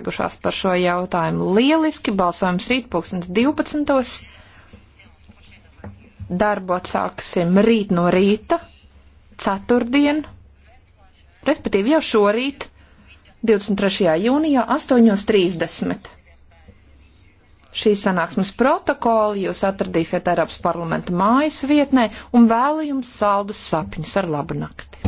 noslēgušās par šo jautājumu. Lieliski balsojums rīt 2012. Darbu atsāksim rīt no rīta, ceturtdien, respektīvi jau šorīt, 23. jūnijā 8.30. Šīs sanāksmes protokoli jūs atradīsiet Eiropas parlamenta mājas vietnē un vēlu jums saldus sapņus ar labu nakti.